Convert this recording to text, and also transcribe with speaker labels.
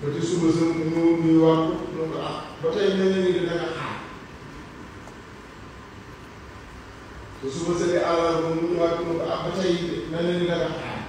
Speaker 1: ba ci suba sa mu nuyuwaat ko mu ko ah ba tey nee nañu ne da nga xaar te suba sa di àllarba mu nuyuwaat ko mu ah ba tey nee nañu da nga xaar